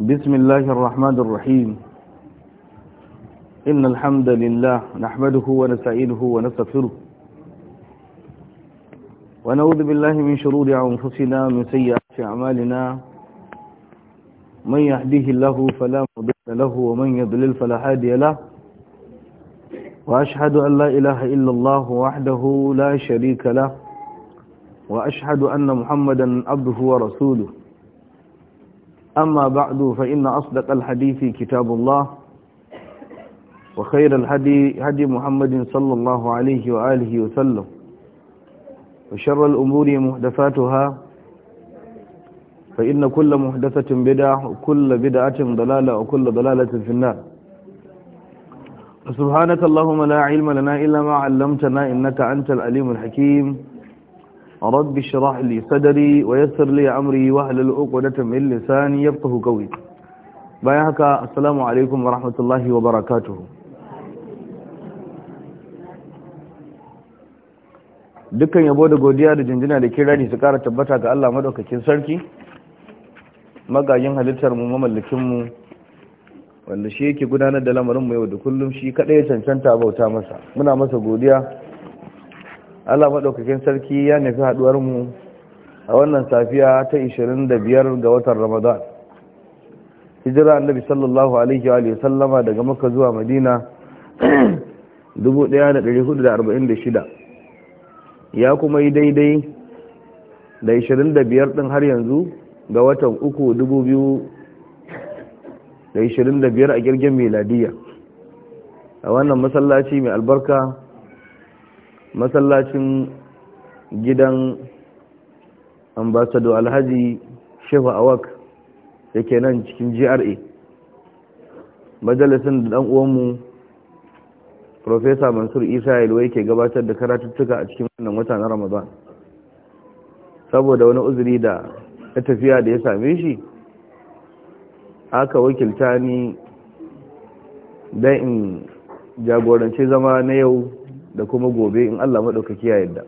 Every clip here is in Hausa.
بسم الله الرحمن الرحيم إن الحمد لله نحمده ونسعيده ونستغفره ونعوذ بالله من شرور أنفسنا من سيئات أعمالنا من يهديه الله فلا مضل له ومن يضلل فلا هادي له وأشهد أن لا إله إلا الله وحده لا شريك له وأشهد أن محمدا عبده ورسوله أما بعد فإن أصدق الحديث كتاب الله وخير الهدي هدي محمد صلى الله عليه وآله وسلم وشر الأمور محدثاتها فإن كل محدثة بدعة وكل بدعة ضلالة وكل ضلالة في النار سبحانك اللهم لا علم لنا إلا ما علمتنا إنك أنت العليم الحكيم رب اشرح لي صدري ويسر لي امري واحلل عقدة من لساني يفقهوا قولي bayan haka assalamu alaikum wa rahmatullahi wa dukkan yabo da godiya da jinjina da kirari su kara tabbata ga Allah madaukakin sarki magajin halittar mu mamallakin mu wanda shi yake gudanar da lamarin mu yau da kullum shi kadai ya cancanta bauta masa muna masa godiya Allah maɗaukakin sarki ya nufi haɗuwarmu a wannan safiya ta 25 ga watan Ramadan. Hijira annabi sallallahu Alaihi wa sallama daga maka zuwa Madina 1446 ya kuma yi daidai da 25 ɗin har yanzu ga watan 3,225 a girgin meladiya a wannan masallaci mai albarka masallacin gidan ambasado alhaji shehu awak da ke nan cikin gra majalisun da uwanmu profesa mansur isa yalwai ke gabatar da karatuttuka a cikin wannan wata na ramadan saboda wani uzuri da ya tafiya da ya same shi aka wakilta ni don in jagorance zama na yau da kuma gobe in Allah madaukaki ya yarda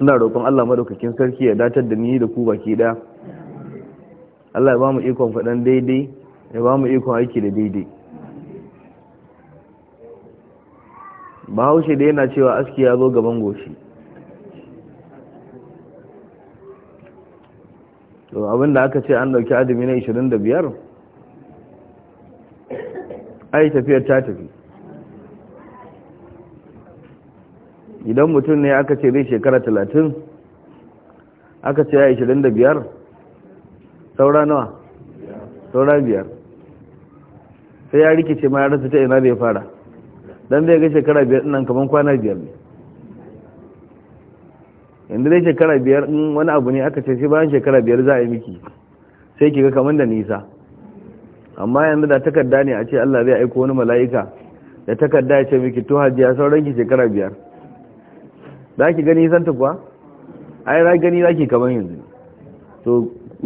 ina roƙon Allah madaukakin sarki ya datar da ni da ku baki ɗaya. Allah ya ba mu ikon faɗan daidai ya ba mu ikon aiki da daidai bahaushe da yana cewa aski ya zo gaban goshi to abinda aka ce an dauki adami na 25 ai tafiyar ta tafi idan mutum ne aka ce zai shekara talatin aka ce ya ishirin da biyar saura nawa saura biyar sai ya rikice ma ya rasu ta ina zai fara don zai ga shekara biyar nan kamar kwana biyar ne inda dai shekara biyar in wani abu ne aka ce sai bayan shekara biyar za a yi miki sai ki ga kamar da nisa amma yanzu da takarda ne a ce Allah zai aiko wani mala'ika da takarda ya ce miki to hajiya sauran ki shekara biyar za ki gani santa kuwa ai za gani za ki kaman yanzu to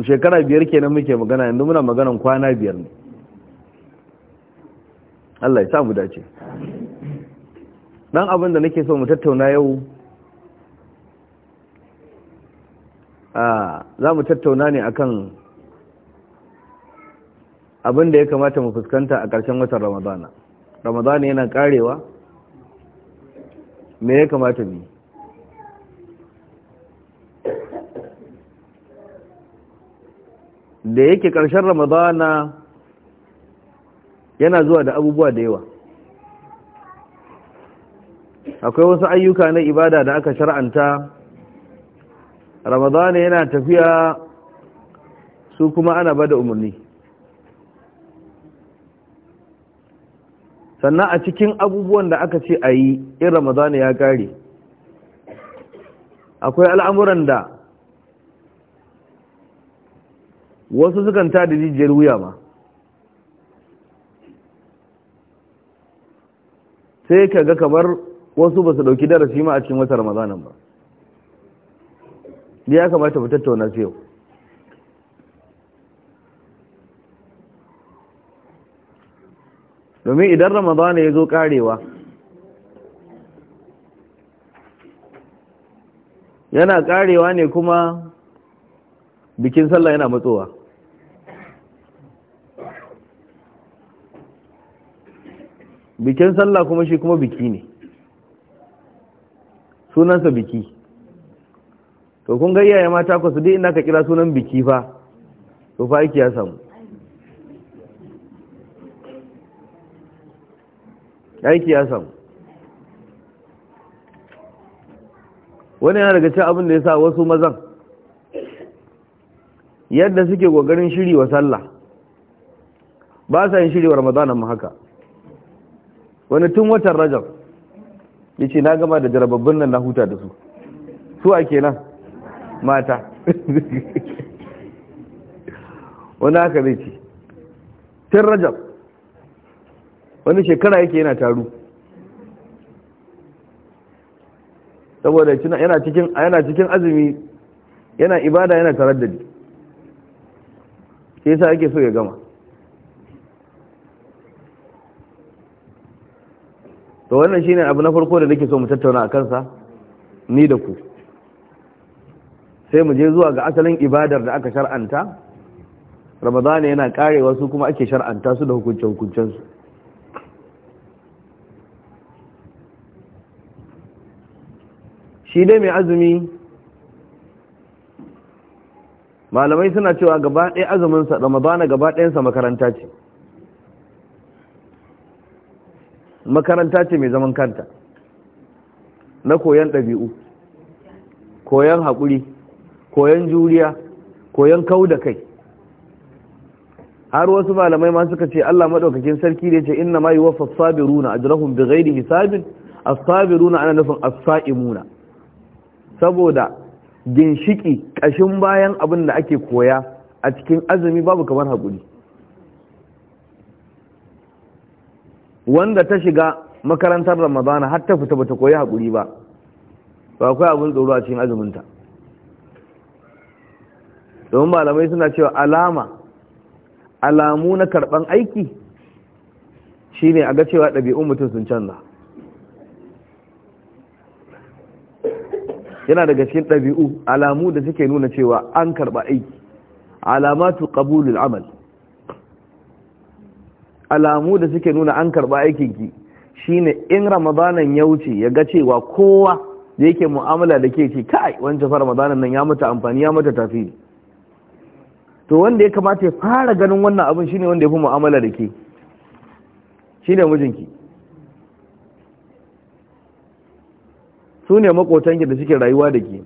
shekara biyar kenan muke magana yanzu muna maganan kwana biyar ne Allah ya sa mu dace dan abin da nake so mu tattauna yau a za mu tattauna ne akan abin da ya kamata mu fuskanta a ƙarshen watan ramadana ramadana yana karewa me ya kamata mu yi da yake ƙarshen ramadana yana zuwa da abubuwa da yawa akwai wasu ayyuka na ibada da aka shar'anta ramadana yana tafiya su kuma ana bada umarni sannan a cikin abubuwan da aka ce a yi in ramadana ya kare akwai al'amuran da wasu sukan ta da jijiyar wuya ba sai ka ga kamar wasu ba su dauki darasi ma a cikin wata ramazanin ba ya kamata mu tattauna su domin idan ramadana ya zo karewa yana karewa ne kuma bikin sallah yana matsowa bikin sallah kuma shi kuma biki ne sunansa biki to kun ga iyaye mata ku su dai ina ka kira sunan biki fa to fa yake ya samu aiki ya samu wani yana daga cin abin da ya sa wasu mazan yadda suke ƙoƙarin shiri wa sallah ba sa yin shiri wa ramadanan mu haka wani tun watan rajab ya ce na gama da jarababbin nan na huta da su su a kenan mata wani haka zai ce tun rajab wani shekara yake yana taru saboda yana cikin azumi yana ibada yana taraddadi sai sa ake so ya gama to wannan shine abu na farko da nake so mu tattauna a kansa ni da ku sai mu je zuwa ga asalin ibadar da aka shar'anta ramadana yana karewa su kuma ake shar'anta su da hukunce su shi dai mai azumi malamai suna cewa gaba ɗaya azuminsa ramadana gaba ɗayansa makaranta ce makaranta ce mai zaman kanta na koyon ɗabi'u koyon haƙuri koyon juriya koyon kau da kai har wasu malamai ma suka ce Allah maɗaukakin sarki da ce inna ma yuwaffa as-sabiruna zai da hisabin as runa ana nufin asa'imuna saboda ginshiki ƙashin bayan abin da ake koya a cikin azumi babu kamar haƙuri wanda ta shiga makarantar ramadana har ta fita bata koyi haƙuri ba ba akwai abin tsoro a cikin azuminta domin malamai suna cewa alama alamu na karɓan aiki shine a ga cewa ɗabi'un mutum sun canza yana daga cikin ɗabi'u alamu da suke nuna cewa an karɓa aiki alamatu qabulul amal alamu da suke nuna an karba aikinki shine in ramadanan ya wuce ya ga cewa kowa da yake mu'amala da ke ce kai wancan fa ramadanan nan ya mata amfani ya mata tafi to wanda ya kamata ya fara ganin wannan abin shine wanda ya fi mu'amala da ke shine mijinki su ne makotanki da suke rayuwa da ke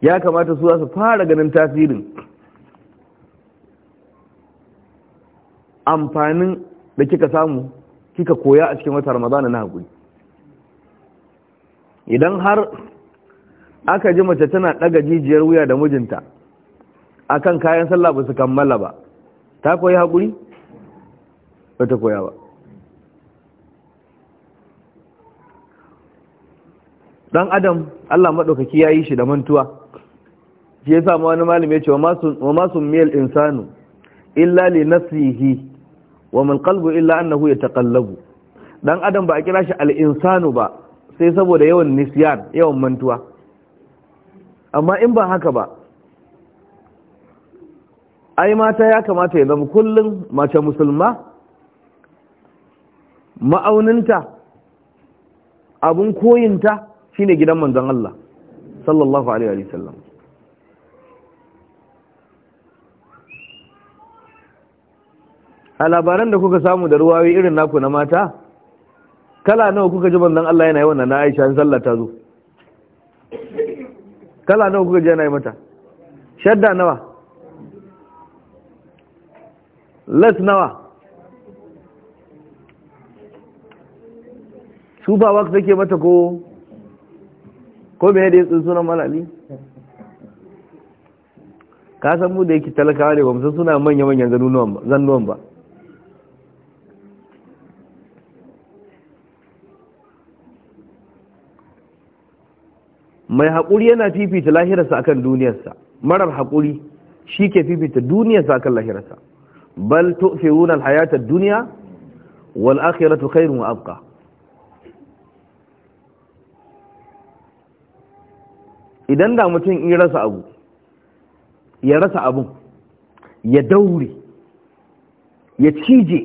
ya kamata su za su fara ganin tasirin amfanin da kika samu kika koya a cikin wata ramadana na haƙuri idan har aka ji mace tana ɗaga jijiyar wuya da mijinta akan kayan sallah ba su kammala ba ta koyi haƙuri ba ta koya ba dan adam Allah maɗaukaki ya yi shi da mantuwa shi ya samu wani malami ya ce wa masu miyar insanu illa li nasihi wa mal qalbu illa annahu yataqallabu dan adam ba a kira shi al-insanu ba sai saboda yawan nisyan yawan mantuwa amma in ba haka ba ai mata ya kamata ya zama kullum mace musulma ma'auninta abun koyinta shine gidan manzon Allah sallallahu alaihi wasallam a labaran da kuka samu da ruwayoyi irin naku na mata kala nawa kuka ji manzon Allah yana yi wannan na Aisha in sallah ta zo kala nawa kuka ji yana yi mata shadda nawa las nawa su ba waka take mata ko ko me da ya sunan malali ka san mu da yake talakawa ne ba mu san suna manya-manyan zannuwan ba mai haƙuri yana fifita lahirarsa akan duniyarsa marar haƙuri shi ke fifita duniyarsa akan lahirarsa bal tu'thiruna al-hayata duniya. Wani wal akhiratu khairun wa abqa idan da mutum in rasa abu ya rasa abun ya daure ya cije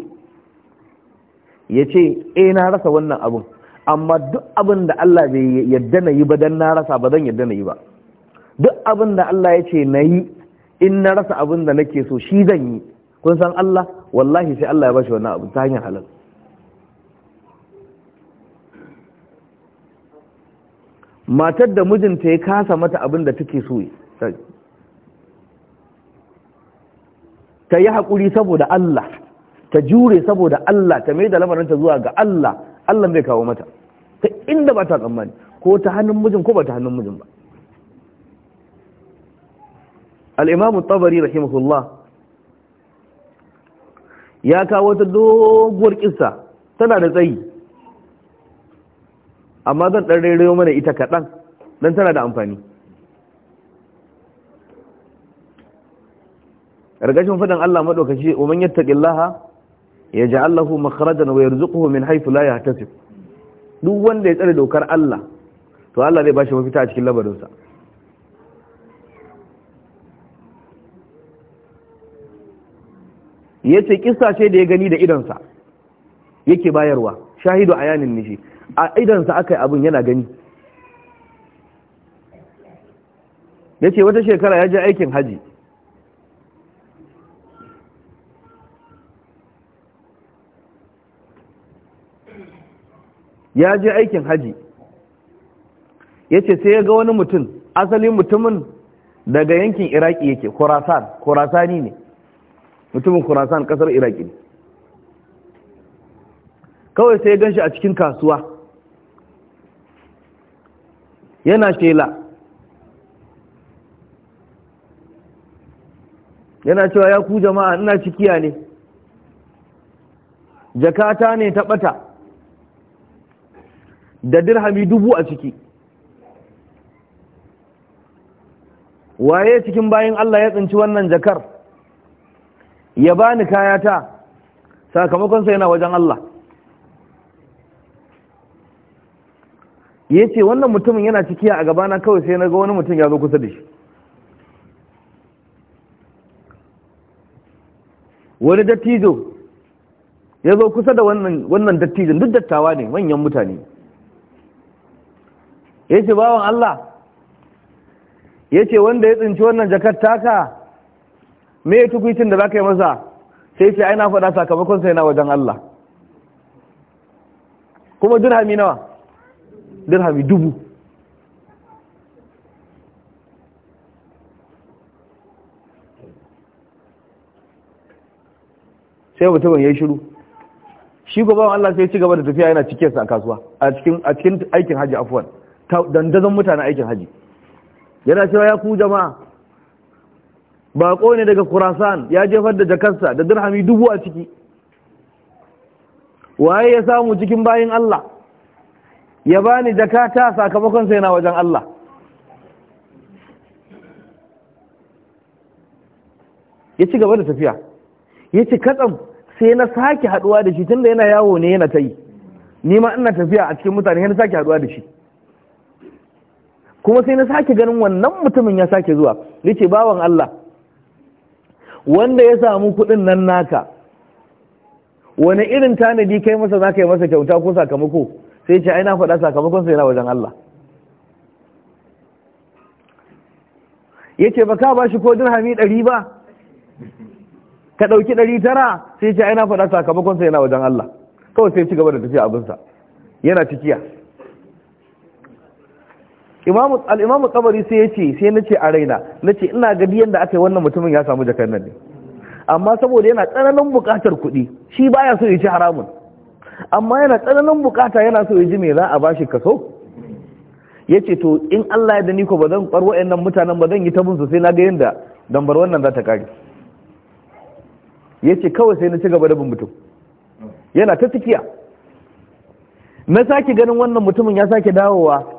ya ce eh na rasa wannan abun amma duk abin da Allah bai yadda na yi ba don na rasa ba zan yadda na yi ba duk abin da Allah ya ce na yi in na rasa abin da nake so shi zan yi kun san Allah wallahi sai Allah ya bashi wannan abu ta hanyar halal matar da mijinta ya kasa mata abin da take so ta yi haƙuri saboda Allah ta jure saboda Allah ta mai da ta zuwa ga Allah Allah bai kawo mata ta inda ba ta tsammani ko ta hannun mijin ko ba ta hannun mijin ba al'imamu tsabari rahimahullah ya kawo wata doguwar kisa, tana da tsayi amma zan ɗan mana ita kaɗan don tana da amfani ƙarƙashin faɗin Allah maɗaukashi umar yadda ƙillaha ya ji Allah makarajan wa yarzuƙuhu min haifu la ya tasif duk wanda ya tsare dokar Allah to Allah zai bashi mafita a cikin labarinsa ya ce kissa ce da ya gani da idansa yake bayarwa shahidu a yanin nishi a idansa aka yi abin yana gani ya ce wata shekara ya je aikin haji ya je aikin haji ya ce sai ya ga wani mutum asalin mutumin daga yankin iraki yake Kurasan, Kurasani ne mutumin Kurasan kasar iraki ne kawai sai ya gan shi a cikin kasuwa yana shela yana cewa ya ku jama'a ina cikiya ne jakata ne ta ɓata. da dirhami dubu a ciki waye cikin bayan Allah ya tsinci wannan jakar ya bani kayata sakamakonsa yana wajen Allah ya ce wannan mutumin yana cikiya a gabana kawai sai na ga wani mutum ya zo kusa da shi wani dattijo ya zo kusa da wannan dattijon duk dattawa ne manyan mutane ya ce bawan Allah ya ce wanda ya tsinci wannan jakar taka mai tukwicin da za ka yi masa sai ce aina faɗa sakamakon sai na wajen Allah kuma dirhami nawa dirhami dubu sai mutumin ya yi shiru shi gaba Allah sai ci gaba da tafiya yana cikinsa a kasuwa a cikin aikin hajji afuwan dandazon mutane aikin haji yana cewa ya ku jama'a bako ne daga kurasan ya jefar da jakarsa da dirhami dubu a ciki waye ya samu cikin bayin Allah ya bani jakata sakamakon sai na wajen Allah ya ci gaba da tafiya ya ci katsam sai na sake haduwa da shi da yana yawo ne yana ta yi ni ma ina tafiya a cikin mutane yana sake haduwa da shi kuma sai na sake ganin wannan mutumin ya sake zuwa ce bawan Allah wanda ya samu kuɗin nan naka wani irin tanadi kai masa zaka yi masa kyauta ko sakamako sai ce ai na faɗa sakamakon sai na wajen Allah yace ba ka bashi ko dirhami ɗari ba ka ɗauki ɗari tara sai ce ai na faɗa sakamakon sai na wajen Allah kawai sai ci gaba da tafiya abinsa yana cikiya imamu al-imamu tabari sai yace sai nace a raina nace ina ga biyan da aka yi wannan mutumin ya samu jakar nan ne amma saboda yana tsananin bukatar kuɗi shi baya so ya ci haramun amma yana tsananin bukata yana so ya ji me za a bashi kaso yace to in Allah ya da ko ba zan bar wayannan mutanen ba zan yi ta bunsu sai na ga yanda dambar wannan za ta kare yace kawai sai na ci gaba da bin mutum yana ta tsikiya na sake ganin wannan mutumin ya sake dawowa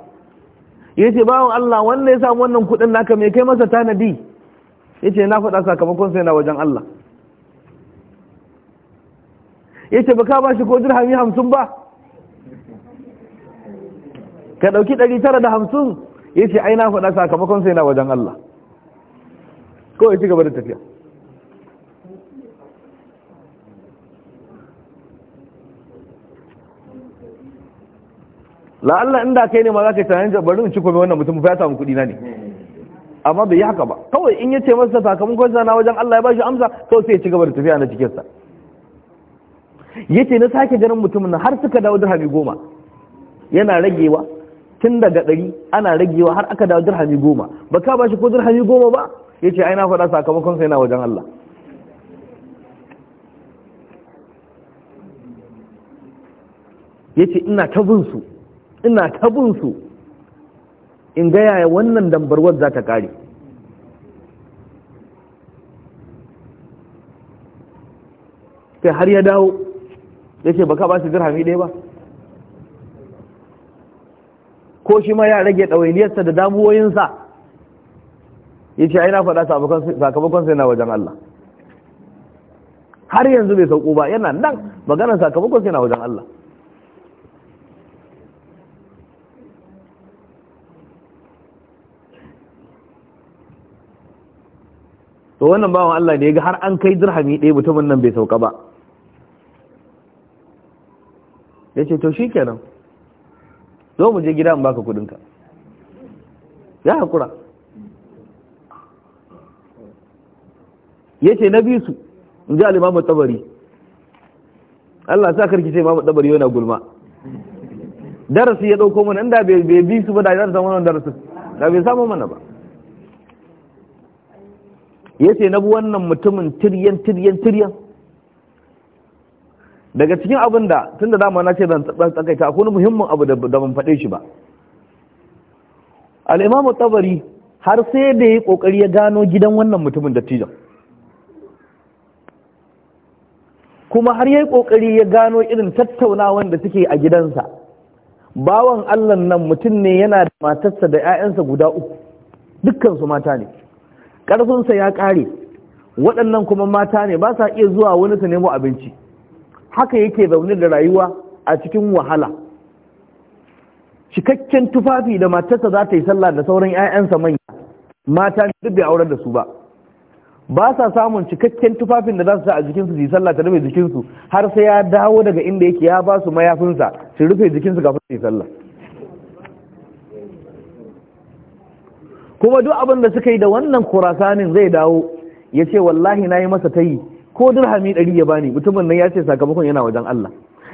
ya ce bawan Allah wanda ya samu wannan kudin naka mai kai masa tanadi ya ce na faɗa sakamakon sai na wajen Allah ya ce ba ka ba shi ko dirhami hamsin ba ka ɗauki ɗari tara da hamsin ya ce ai na faɗa sakamakon sai na wajen Allah kawai ci gaba da tafiya La'alla inda kai ne ma za ka yi tunanin da bari ci kome wannan mutum ya samu kuɗi na ne amma bai yi haka ba kawai in ya ce masa sakamakon sana wajen Allah ya bashi amsa to sai ya ci gaba da tafiya na cikin ya yace na sake ganin mutumin nan har suka dawo dirhami goma yana ragewa tun daga ɗari ana ragewa har aka dawo dirhami goma ba ka bashi ko dirhami goma ba yace ai na faɗa sakamakon sa yana wajen Allah yace ina ta bin su ina ta bin su in ga yaya wannan dambarwar za ta kare Sai har ya dawo ya ce baka ba su dirhami ɗaya ba ko shi ma ya rage ɗawainiyarsa da damuwoyinsa ya ce aina na faɗa sakamakon sai na wajen Allah har yanzu bai sauko ba yana nan maganar sakamakon sai na wajen Allah to wannan bawan Allah da ya ga har an kai dirhami ɗaya mutumin nan bai sauka ba ya ce to shi kenan zo mu je gida in baka kudinka ya haƙura ya ce na su in ji alimamu tabari Allah sa karki sai mamu tabari yana gulma darasi ya ɗauko mana inda bai bi su ba da ya zama wannan darasin da bai samu mana ba Ya ce na bi wannan mutumin tiryan tiryan tiryan daga cikin abin da tun da dama na ce zan tsakaita akwai muhimmin abu da ban faɗe shi ba al'imamu tsabari har sai da ya ƙoƙari ya gano gidan wannan mutumin tijan kuma har ya yi ƙoƙari ya gano irin tattaunawan da suke a gidansa bawan allan nan mutum ne yana da matarsa da 'ya'yansa guda uku dukkansu mata ne ƙarfinsa ya ƙare waɗannan kuma mata ne ba sa iya zuwa wani su nemo abinci haka yake zaune da rayuwa a cikin wahala cikakken tufafi da matarsa za ta yi sallah da sauran 'ya'yansa manya mata ne duk bai aurar da su ba ba sa samun cikakken tufafin da za su sa a jikinsu su yi sallah ta rufe jikinsu har sai ya dawo daga inda yake ya ba su mayafinsa su rufe jikinsu kafin su yi sallah kuma duk abin da suka yi da wannan kurasanin zai dawo ya ce wallahi na yi masa yi, ko dirhami ɗari ya bani mutumin nan ya ce sakamakon yana wajen Allah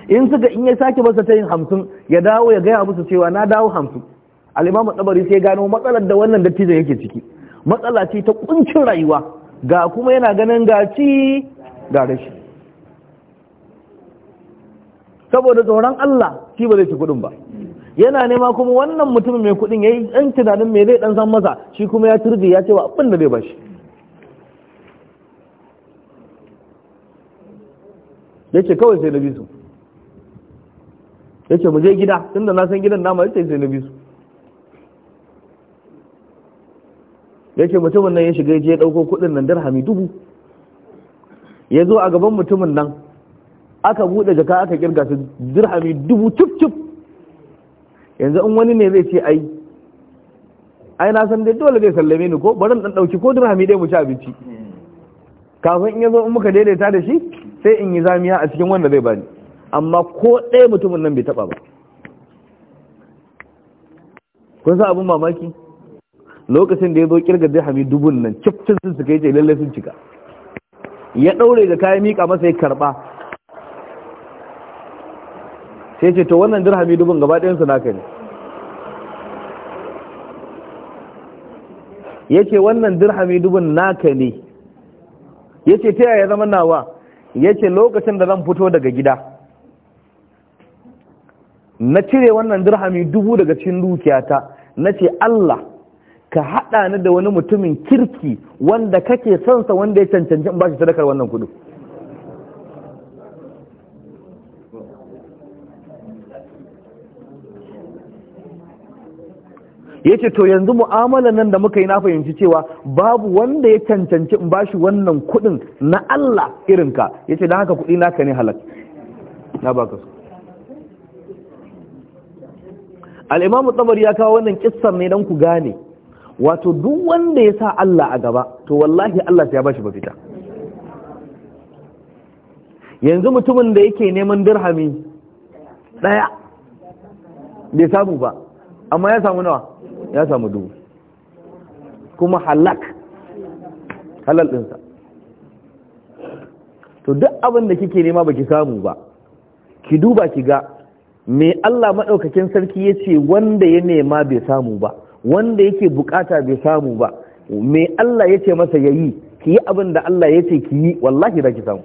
in suka in ya sake masa yin hamsin ya dawo ya gaya musu cewa na dawo hamsin al'imamu tsabari sai gano matsalar da wannan dattijan yake ciki matsala ce ta kuncin rayuwa ga kuma yana ganin gaci ga rashi saboda tsoron Allah shi ba zai ci kuɗin ba yana nema kuma wannan mutumin mai kudin yi ɗan tunanin mai zai ɗan san masa shi kuma ya turbi ya ce wa abin da zai Ya ce kawai sai na bisu ce mu je gida tunda na san gidan nama yace sai na bisu ce mutumin nan ya shiga ya je ya dauko kudin nan dirhami dubu ya zo a gaban mutumin nan aka buɗe jaka aka kirga su dirhami dubu cif cif yanzu in wani ne zai ce ai ai na san dai dole zai sallame ni ko bari dan dauki ko dirhami dai mu ci abinci kafin in yazo in muka daidaita da shi sai in yi zamiya a cikin wanda zai bani amma ko ɗaya mutumin nan bai taba ba kun sa abin mamaki lokacin da ya zo kirga dirhami dubun nan cif sun suka yi ce lallai sun cika ya ɗaure da kayan mika masa ya karɓa sai ce to wannan dirhami dubun gaba su naka ne yake wannan dirhami dubun naka ne yake ta yaya zama nawa yake lokacin da zan fito daga gida na cire wannan dirhami dubu daga cikin dukiyata na ce Allah ka haɗa ni da wani mutumin kirki wanda kake sonsa wanda ya cancanci in ba shi sadakar wannan kudu ya ce to yanzu mu'amala nan da muka yi na fahimci cewa babu wanda ya cancanci in bashi wannan kudin na Allah irinka ya ce don haka kudi naka ne halak na baka su al'imamu tsamari ya kawo wannan kissar ne don ku gane wato duk wanda ya sa Allah a gaba to wallahi Allah ya bashi mafita yanzu mutumin da yake neman dirhami ɗaya bai samu ba amma ya samu nawa ya samu dubu kuma halak halal dinsa to duk abin da kike nema baki samu ba ki duba ki ga me Allah maɗaukakin sarki yace wanda ya nema bai samu ba wanda yake bukata bai samu ba me Allah yace masa yayi yi ki yi abin da Allah yace kiyi ki yi wallahi za ki samu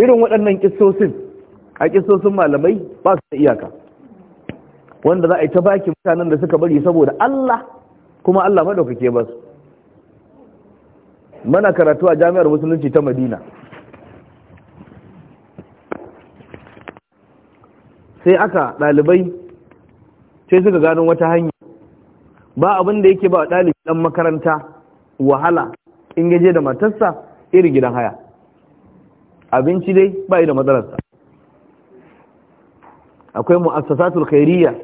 irin waɗannan kisosin a ƙisosin malamai ba su da iyaka wanda za a yi ta baki mutanen da suka bari saboda Allah kuma Allah madaukake ba su mana karatu a jami'ar musulunci ta Madina sai aka ɗalibai sai suka gano wata hanya ba abin da yake ba ɗalibi ɗan makaranta wahala in gaje da matarsa irin gidan haya abinci dai ba yi da matsalarsa akwai mu'assasatul khairiyya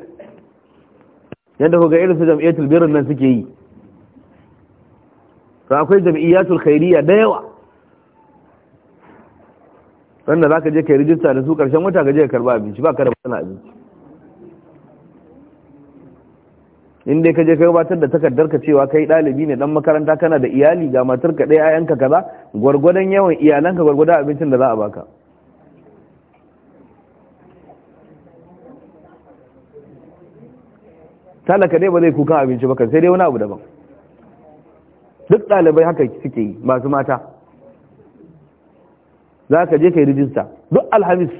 yadda ku ga irin su jam'iyyatul birnin nan suke yi to akwai jam'iyyatul khairiyya da yawa wanda ka je kai rijista da su karshen wata ka je ka karba abinci ba ka da matsala abinci in dai ka je ka gabatar da takardar ka cewa kai ɗalibi ne dan makaranta kana da iyali ga matar ka ɗaya ayanka kaza gwargwadon yawan iyalanka gwargwadon abincin da za a baka talaka dai ba zai kuka abinci baka sai dai wani abu daban duk ɗalibai haka suke yi masu mata za ka je ka yi rijista duk alhamis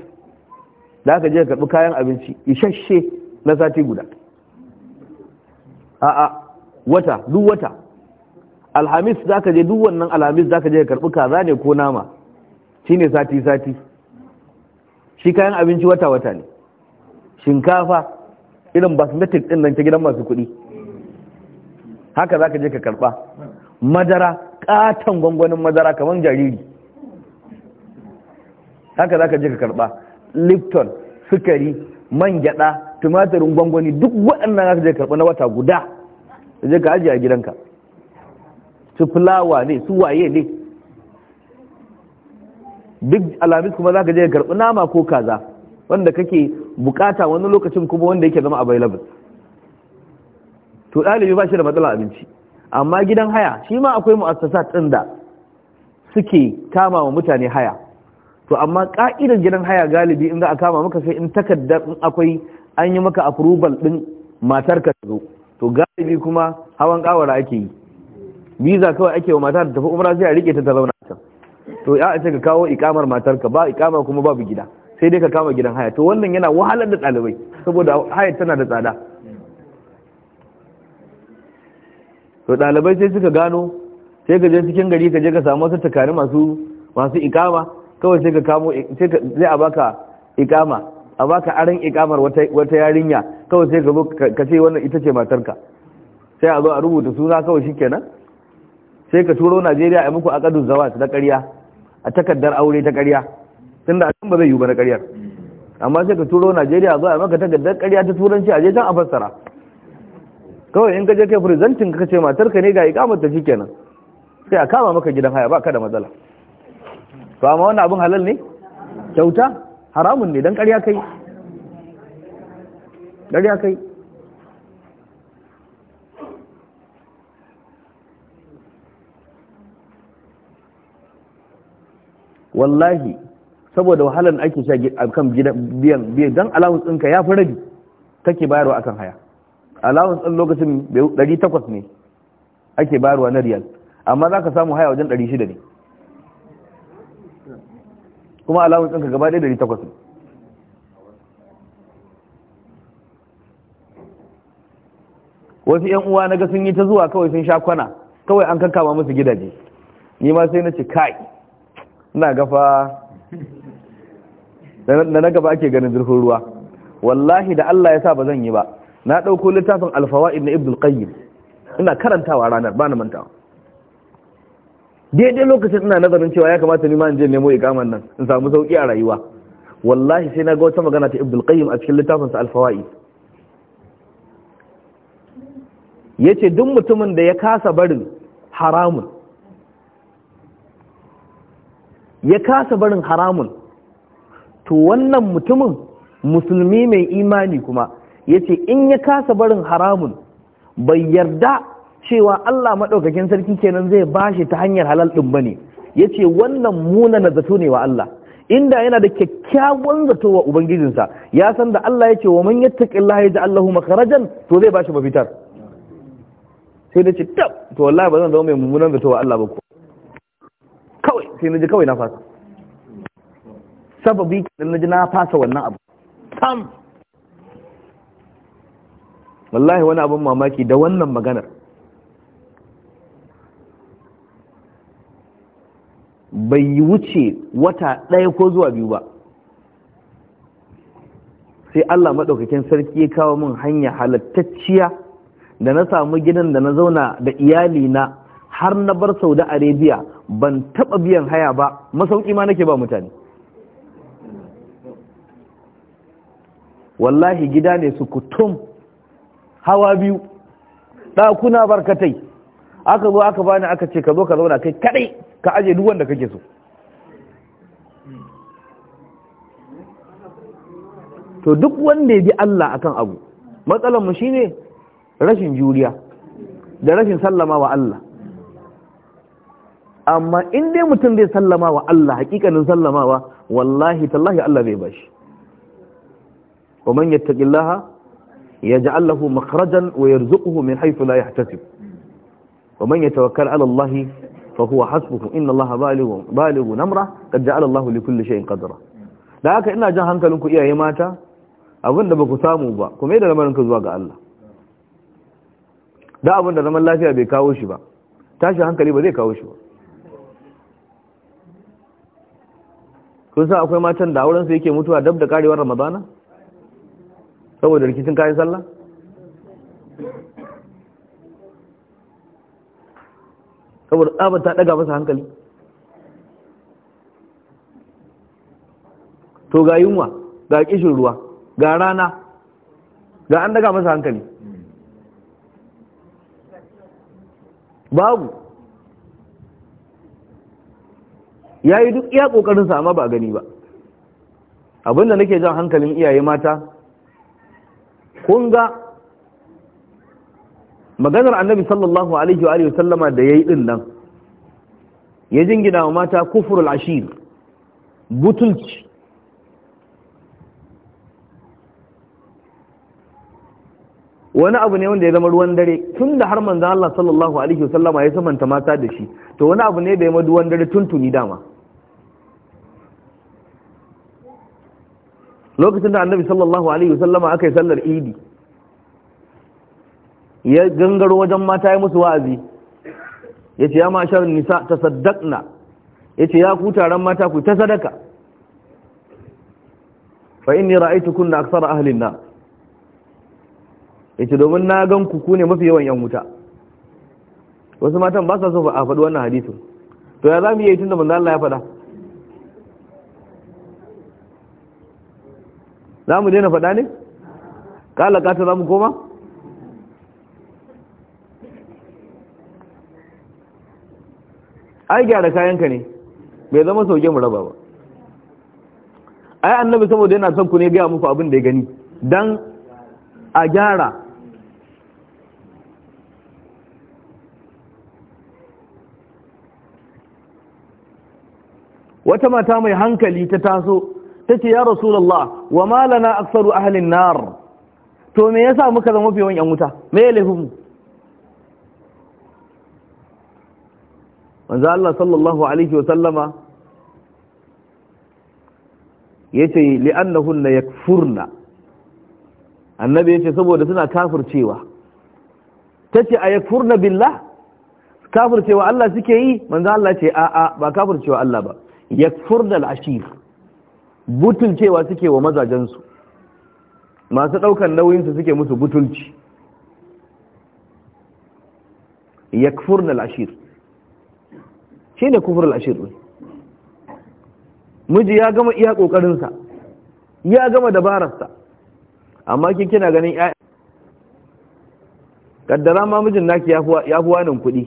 za ka je ka karɓi kayan abinci isasshe na sati guda a'a wata duk wata alhamis za ka je duk wannan alhamis za ka je ka karɓi kaza ne ko nama shi ne sati-sati shi kayan abinci wata-wata ne shinkafa irin basmetic ɗin nan ta gidan masu kuɗi haka za ka je ka karɓa madara ƙaton gwangwanin madara kamar jariri haka za ka je ka karɓa lipton sukari man gyaɗa tumatirin gwangwani duk waɗannan za ka je ka karɓa na wata guda je ka ajiye a gidanka su fulawa ne su waye ne duk alamis kuma za ka je karɓi nama ko kaza wanda kake bukata wani lokacin kuma wanda yake zama available to ɗalibi ba shi da matsala abinci amma gidan haya shi ma akwai mu'assasa ɗin da suke kama wa mutane haya to amma ƙa'idar gidan haya galibi in za a kama maka sai in takardar in akwai an yi maka approval ɗin matar ka zo to galibi kuma hawan ƙawara ake yi visa kawai ake wa mata da tafi umra sai a rike ta ta zauna can to ya ce ka kawo ikamar matarka ba ikama kuma babu gida sai dai ka kama gidan haya to wannan yana wahalar da ɗalibai saboda haya tana da tsada to ɗalibai sai suka gano sai ka je cikin gari ka je ka samu wasu takari masu masu ikama kawai sai ka kamo sai a baka ikama a baka aran ikamar wata wata yarinya kawai sai ka zo ka ce wannan ita ce matarka sai a zo a rubuta suna kawai shikenan sai ka turo najeriya a muku a akadun zawat ta ƙarya a takardar aure ta ƙarya a abin ba zai yiwu ba na ƙaryar amma sai ka turo najeriya zuwa a maka takardar karya ta turanci a je a fassara kawai in ka je kai presenting ka ce matar ka ne ga ikamar ta shikenan sai a kama maka gidan haya ba ka da matsala to amma wannan abin halal ne kyauta haramun ne dan ƙarya kai kai wallahi saboda wahalar ake sha kan biyan biyan don allowance ɗinka ya fi rabi kake bayarwa akan haya allowance ɗin lokacin 800 ne ake bayarwa na riyal amma za ka samu haya wajen 600 ne kuma allowance ɗinka gaba ɗaya 800 ne wasu ‘yan uwa na ga sun yi ta zuwa kawai sun sha kwana kawai an kankama musu gidaje ni ma sai na ce kai ina gafa da na gaba ake ganin zurfin ruwa wallahi da Allah ya sa ba zan yi ba na ɗauko littafin alfawa'id na ibn qayyim ina karantawa ranar ba na mantawa daidai lokacin ina nazarin cewa ya kamata ni ma in je nemo ikaman nan in samu sauki a rayuwa wallahi sai na ga wata magana ta ibn qayyim a cikin littafin sa alfawa'id yace duk mutumin da ya kasa barin haramun ya kasa barin haramun to wannan mutumin musulmi mai imani kuma ya ce in ya kasa barin haramun bai yarda cewa Allah maɗaukakin sarki kenan zai bashi ta hanyar halal ɗin ba ne ya ce wannan muna na zato ne wa Allah inda yana da kyakkyawan zato wa ubangijinsa ya san da Allah ya ce wa man yattaqillaha ji allahu makarajan to zai bashi mafitar sai da ce to wallahi ba zan zama mai mummunan zato wa Allah ba kawai sai na ji kawai na fasa sababi kenan na ji na fasa wannan abu sam wallahi wani abin mamaki da wannan maganar bai yi wuce wata ɗaya ko zuwa biyu ba sai Allah maɗaukakin sarki ya kawo min hanya halattacciya da na samu gidan da na zauna da iyali na har na bar Saudi Arabia ban taɓa biyan haya ba masauki ma nake ba mutane wallahi gida ne su kutum hawa biyu ɗakuna barkatai aka zo aka bani aka ce ka zo ka zauna kai kaɗai. ka aje duk wanda kake so to duk wanda ya bi Allah akan abu matsalar mu shine rashin juriya da rashin sallama wa Allah amma in dai mutum zai sallama wa Allah hakikanin sallamawa wallahi tallahi Allah zai bashi wa man yattaqillaha yaj'al lahu makhrajan wa yarzuquhu min haythu la yahtasib wa man yatawakkal 'ala Allah fa huwa hasbuhu inna Allah balighu balighu namra qad ja'ala Allah li kulli shay'in qadra da haka ina jan hankalinku iyaye mata abinda baku samu ba kuma yadda lamarin ka zuwa ga Allah da abinda zaman lafiya bai kawo shi ba tashi hankali ba zai kawo shi ba kun san akwai matan da auren su yake mutuwa dab da karewar ramadana saboda rikicin kayan sallah saboda tsabar ta daga masa hankali to ga yunwa ga kishin ruwa ga rana ga an daga masa hankali babu ya yi duk iya ƙoƙarinsa amma ba gani ba abinda nake jan hankalin iyaye mata kun maganar annabi sallallahu alaihi wa sallama da ya yi ɗin nan ya jingina wa mata kufurul ashir butulci wani abu ne wanda ya zama ruwan dare tun da har manzan Allah sallallahu Alaihi wasallama ya samanta mata da shi to wani abu ne da ya ma ruwan dare tuntuni dama lokacin da annabi sallallahu alaihi wasallama aka yi sallar idi ya gangaro wajen mata ya musu wa'azi ya ce ya mashar nisa ta saddakna ya ce ya ku taron mata ku ta sadaka fa inni ra'aitu kunna aksar ahlin na ya ce domin na gan ku ku ne mafi yawan yan wuta wasu matan ba sa so a faɗi wannan hadisin to ya za mu iya yi tun da manzo Allah ya faɗa za mu daina faɗa ne kala ta za mu koma ai gyara kayanka ne bai zama sauke mu raba ba ai annabi saboda yana son ku ne gaya muku abin da ya gani dan a gyara wata mata mai hankali ta taso tace ya rasulullah wa ma lana aktsaru ahli an-nar to me yasa muka zama mafi yawan yan wuta me ya laifin mu manzo Allah sallallahu alaihi wa sallama yace li'annahunna yakfurna annabi yace saboda suna kafircewa tace a yakfurna billah kafircewa Allah suke yi manzo Allah ce a a ba kafircewa Allah ba yakfurna al-ashir butulcewa suke wa mazajensu masu nauyin nauyinsu suke musu butulci na lashir ashir ne kufur lashir ashir miji ya gama iya kokarinsa ya gama dabararsa amma kin kina ganin ƴaƴa kaddara ma mijin naki ya fi wanin kuɗi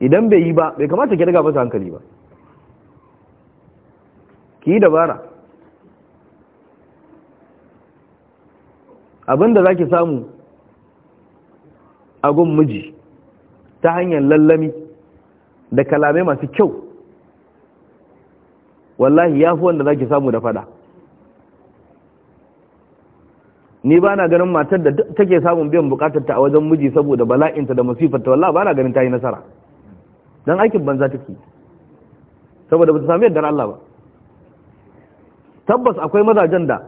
idan bai yi ba bai kamata ke daga masa hankali ba ki yi dabara abinda za ki samu agun miji ta hanyar lallami da kalame masu kyau wallahi ya fi wanda za ki samu da fada ni ba na ganin matar da take samun biyan ta a wajen miji saboda bala'inta da masifarta wallah ba na ganin ta yi nasara don aikin banza take saboda ba ta sami yadda Allah ba tabbas akwai mazajen da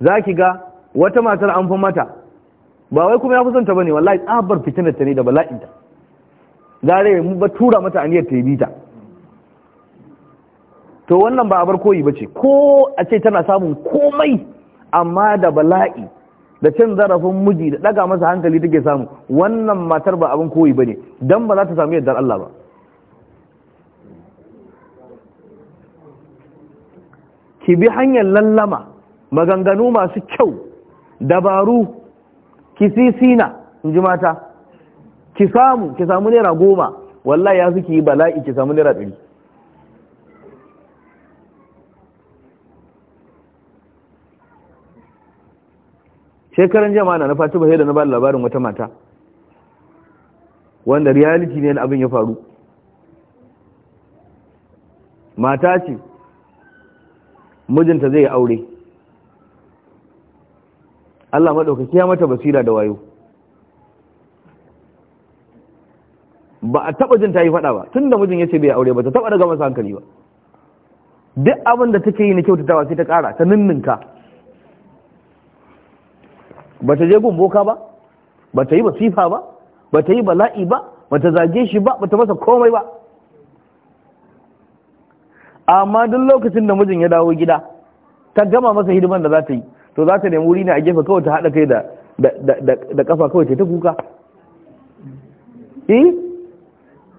za ki ga wata matar an fi mata ba wai kuma ya fi son ta ne, wallahi tsabar fitinar ta ne da bala'in ta gare mu ba tura mata aniyar ta yi ta to wannan ba a bar koyi ce, ko a ce tana samun komai amma da bala'i da cin zarafin miji da daga masa hankali take samu wannan matar ba abin koyi ne don ba za ta samu yardar Allah ba ki bi hanyar lallama maganganu masu kyau dabaru ki sisina in ji mata ki samu ki samu naira goma wallahi ya suke yi bala'i ki samu naira ɗari shekaran jama'a na fata ba da na ba labarin wata mata wanda reality ne na abin ya faru mata ce mijinta zai aure Allah maɗaukaki ya mata basira da wayo ba a taɓa jin ta yi faɗa ba tun da mijin ya ce bai aure ba ta taɓa daga masa hankali ba duk abin da take yi na kyautatawa sai ta ƙara ta ninninka ba ta je gun boka ba ba ta yi wasifa ba ba ta yi bala'i ba ba ta zage shi ba ba ta masa komai ba amma duk lokacin da mijin ya dawo gida ta gama masa hidiman da za ta yi to za ta nemi wuri ne a gefe kawai ta haɗa kai da da kafa kawai ta kuka eh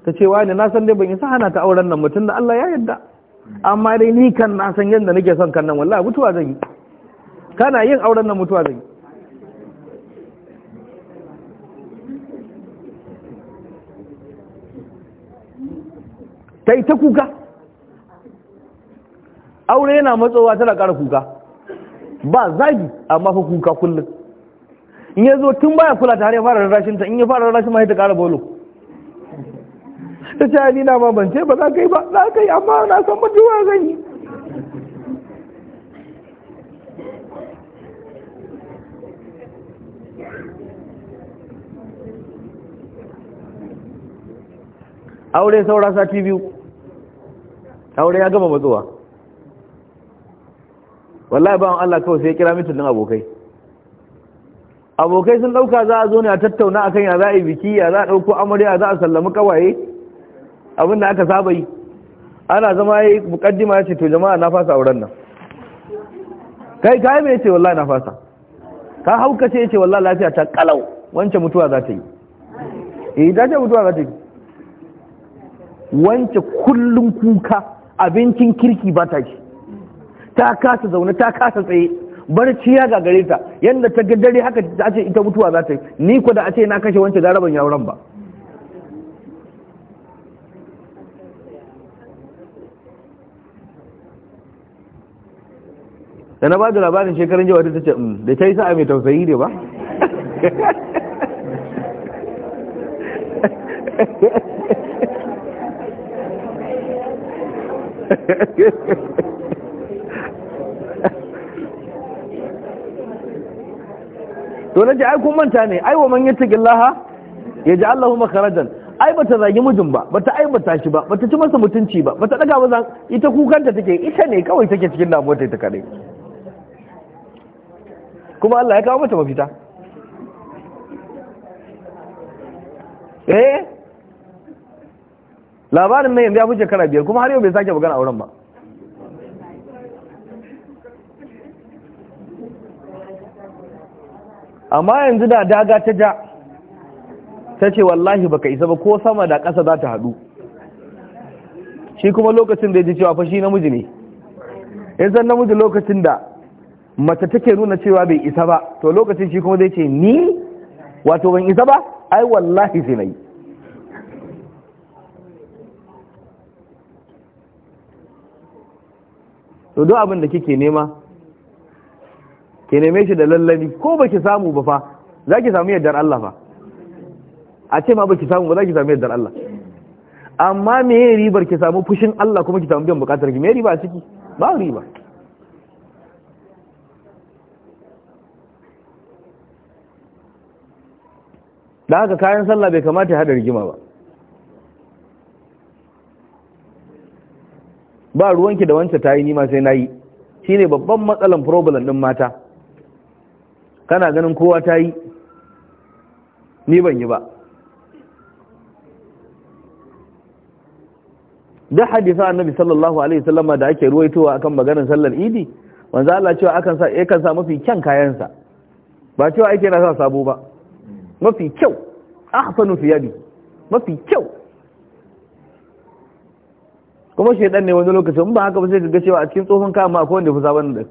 ta ce wa ne na san dai ban yi hana ta auren nan mutum da Allah ya yarda amma dai ni kan na san yadda nake son kan nan wallahi mutuwa zan yi kana yin auren nan mutuwa zan yi ta yi ta kuka aure yana matsowa tana ƙara kuka ba zagi amma fa kuka kullum in ya zo tun baya kula ta har ya fara rarrashin ta in ya fara rarrashin ma ta ƙara bolo ta ce ni na ce ba za ka yi ba za ka yi amma na san mutuwa zan yi aure saura sati biyu aure ya gama matsuwa wallahi bawan Allah kawai sai ya kira mutum din abokai abokai sun dauka za a zo ne a tattauna akan ya za a yi biki ya za a dauko amarya za a sallami kawaye abin da aka saba yi ana zama yi mukaddima ya ce to jama'a na fasa auren nan kai kai me yace wallahi na fasa ka hauka ce yace wallahi lafiya ta kalau wancan mutuwa za ta yi eh da ta mutuwa za ta yi wance kullun kuka abincin kirki ba ta ki ta kasa zaune ta kasa tsaye barci ya gagare ta yadda ta ga dare haka ta ce ita mutuwa za ta yi ni ku da a ce na kashe wancan garaban yawon ba da na ba da labarin shekarun jawa ta ce mm, da ta yi sa'a mai tausayi ne ba ha to na ji ai kun manta ne ai wa man yattaqillaha yaj'al lahu makharajan ai bata zagi mijin ba bata aibata shi ba bata ci masa mutunci ba bata daga ba zan ita kukanta take ita ne kawai take cikin damuwar ta kadai kuma Allah ya kawo mata mafita eh labarin mai yanzu ya fi shekara biyar kuma har yau bai sake magana auren ba amma yanzu da daga ta ja ta ce wallahi baka isa ba ko sama da ƙasa za ta haɗu shi kuma lokacin da ya ji cewa fashi namiji ne in san namiji lokacin da mace take nuna cewa bai isa ba to lokacin shi kuma zai ce ni wato ban isa ba ai wallahi sai na to duk abin da kike nema ke neme shi da lallani ko baki samu ba fa zaki samu yardar Allah fa a ce ma baki samu ba zaki samu yardar Allah amma me ribar ki samu fushin Allah kuma ki samu biyan bukatar ki me riba a ciki ba riba da haka kayan sallah bai kamata ya hada rigima ba ba ruwanki da wancan tayi nima sai nayi shine babban matsalan problem din mata kana ganin kowa ta yi ni ban yi ba da hadisa annabi sallallahu alaihi wasallam da ake ruwaitowa akan maganar sallar idi wanda Allah cewa akan sa yakan sa mafi kyan kayansa ba cewa ake na sa sabo ba mafi kyau ahsanu thiyabi mafi kyau kuma shedan ne wani lokacin ba haka ba sai ka ga cewa a cikin tsohon kama akwai wanda ya fi sabon da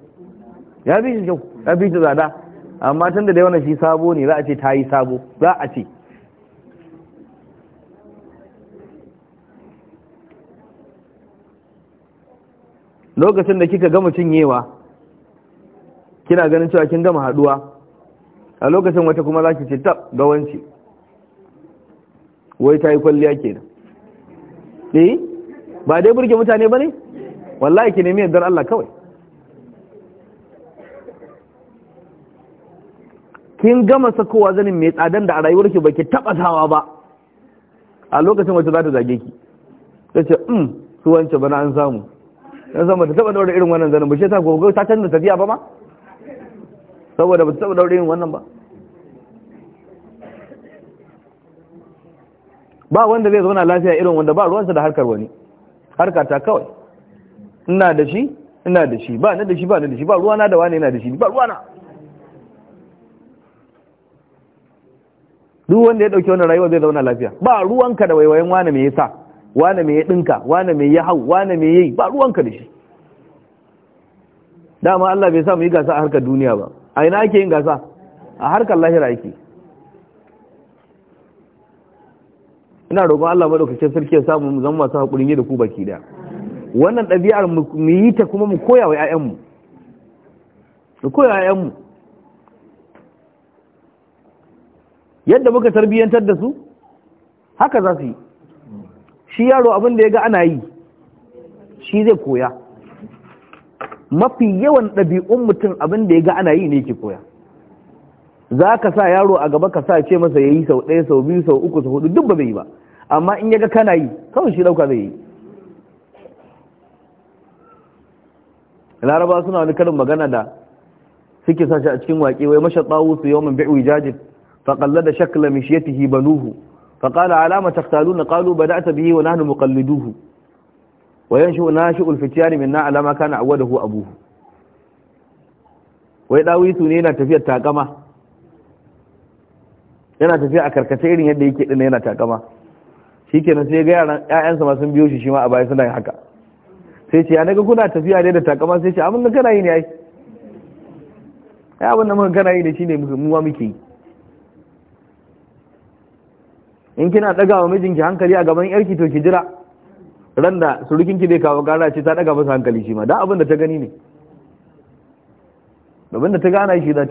ya bi shi kyau ya bi shi tsada amma tun da wannan shi sabo ne za a ce ta yi sabo za a ce lokacin da kika gama cinyewa kina ganin cewa kin gama haduwa a lokacin wata kuma za ki ce tab gawanci wai ta yi kwalliya kenan eh? ba dai burge mutane ba ne wallahi ki nemi yardar Allah kawai kin gama sakowa zanin mai tsadan da a rayuwar ki baki taba sawa ba a lokacin wacce za ta zage ki ta ce um su wance bana an samu dan sama ta taba daura irin wannan zanin ba shi ta gogo ta canza tafiya ba ma saboda ba ta taba daura irin wannan ba ba wanda zai zauna lafiya irin wanda ba ruwansa da harkar wani harka ta kawai ina da shi ina da shi ba ni da shi ba ni da shi ba ruwana da wani ina da shi ba ruwana duk wanda ya dauke wannan rayuwa zai zauna lafiya ba ruwanka da waiwayen wane me yasa wane me ya dinka wane me ya hau wane me yayi ba ruwanka da shi dama Allah bai sa mu yi gasa a harkar duniya ba a ina ake yin gasa a harkar lahira ake ina roƙon Allah madaukakin sarki ya samu mu zama masu hakurin yi da ku baki da wannan ɗabi'ar mu yi ta kuma mu koya wa 'ya'yanmu mu koya wa 'ya'yanmu yadda muka tarbiyyantar da su haka za su yi shi yaro abin da ya ga ana yi shi zai koya mafi yawan ɗabi'un mutum abin da ya ga ana yi ne ke koya za ka sa yaro a gaba ka sa ce masa ya yi sau ɗaya sau biyu sau uku sau hudu duk ba zai yi ba amma in ya ga kana yi kawai shi ɗauka zai yi laraba suna wani karin magana da suke sashi a cikin waƙe wai mashaɗawu su yawon bi'u jajin فقلد شكل مشيته بنوه فقال على تختالون قالوا بدأت به ونحن مقلدوه وينشئ ناشئ الفتيان منا على ما كان عوده أبوه ويداويتو ne yana tafiyar takama yana tafiya a karkata irin yadda yake din yana takama shikenan sai ga yaran ƴaƴansa ma sun biyo shi shi ma a baya suna haka sai ce ya naga kuna tafiya ne da takama sai ce abin da kana yi ne ai abin da muka kana yi ne shine mu muke yi in kina daga wa mijinki hankali a gaban yarki to ki jira ran da surukinki bai kawo gara ce ta daga masa hankali shi ma da abin da ta gani ne abin da ta gana shi za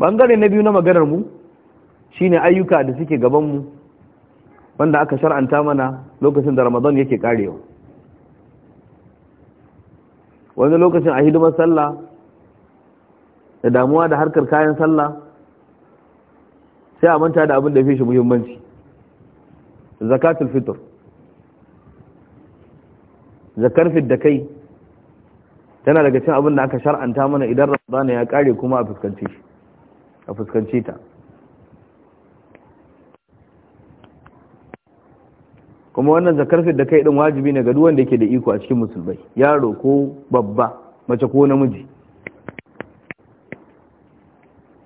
bangare na biyu na maganar mu shine ayyuka da suke gaban mu wanda aka shar'anta mana lokacin da ramadan yake karewa wani lokacin a hidimar sallah da damuwa da harkar kayan sallah sai a manta da abin da ya fi shi muhimmanci zakatul fitr zakar fit da kai tana daga cin abin da aka shar'anta mana idan ramadana ya kare kuma a fuskanci ta kuma wannan zakar fit da kai din wajibi ne ga duk wanda yake da iko a cikin musulmai yaro ko babba mace ko namiji